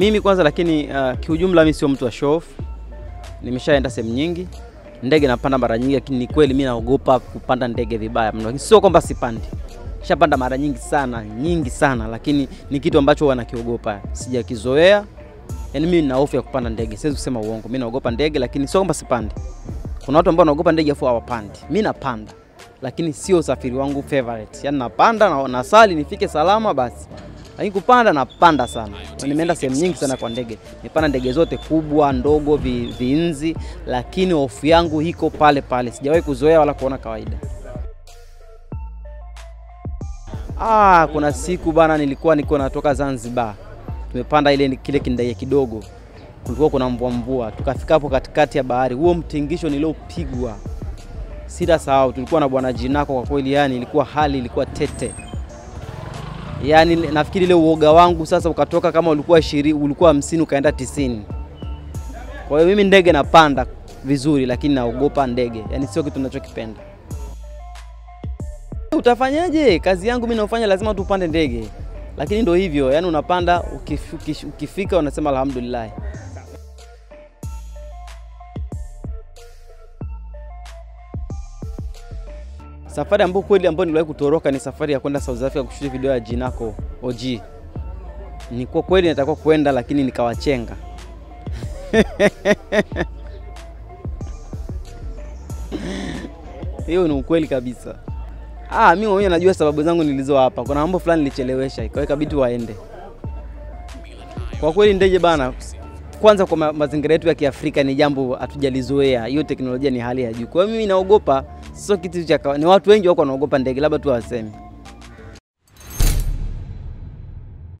Mimi kwanza lakini uh, kiujumla mimi sio mtu wa show off. Nimeshaenda sehemu nyingi. Ndege napanda mara nyingi lakini ni kweli mimi naogopa kupanda ndege vibaya mno. sio kwamba sipandi. Shapanda mara nyingi sana, nyingi sana lakini ni kitu ambacho huwa Sijakizoea. Yaani mimi nina hofu ya kupanda ndege. Siwezi kusema uongo. Mimi naogopa ndege lakini sio kwamba sipandi. Kuna watu ambao wanaogopa ndege afu hawapandi. Mimi napanda. Lakini sio usafiri wangu favorite. Yaani napanda na nasali nifike salama basi lakini kupanda napanda sana. Nimeenda sehemu nyingi sana kwa ndege, nimepanda ndege zote kubwa, ndogo, vi, lakini hofu yangu iko pale pale, sijawahi kuzoea wala kuona kawaida. Ah, kuna siku bana, nilikuwa niko natoka Zanzibar, tumepanda ile kile kindege kidogo, kulikuwa kuna mvua mvua, tukafika hapo katikati ya bahari, huo mtingisho niliopigwa sitasahau. Tulikuwa na bwana Jinako, kwa kweli yani ilikuwa hali ilikuwa tete yani nafikiri ile uoga wangu sasa ukatoka, kama ulikuwa shiri, ulikuwa hamsini ukaenda tisini. Kwa hiyo mimi ndege napanda vizuri, lakini naogopa ndege, yani sio kitu ninachokipenda. Utafanyaje? Kazi yangu mimi naofanya lazima tupande ndege, lakini ndo hivyo, yani unapanda ukifika, ukifika unasema alhamdulillah. Safari ambayo kweli ambayo niliwahi kutoroka ni safari ya kwenda South Africa kushuti video ya Jinako OG. Ni kwa kweli natakiwa kwenda lakini nikawachenga. Hiyo ni ukweli kabisa. Ah, mimi mwenyewe najua sababu zangu nilizo hapa. Kuna mambo fulani nilichelewesha, ikawa ikabidi waende. Kwa kweli ndeje bana, kwanza kwa mazingira yetu ya Kiafrika ni jambo hatujalizoea. Hiyo teknolojia ni hali ya juu. Kwa hiyo mimi naogopa, sio kitu cha ni watu wengi wako wanaogopa ndege, labda tu waseme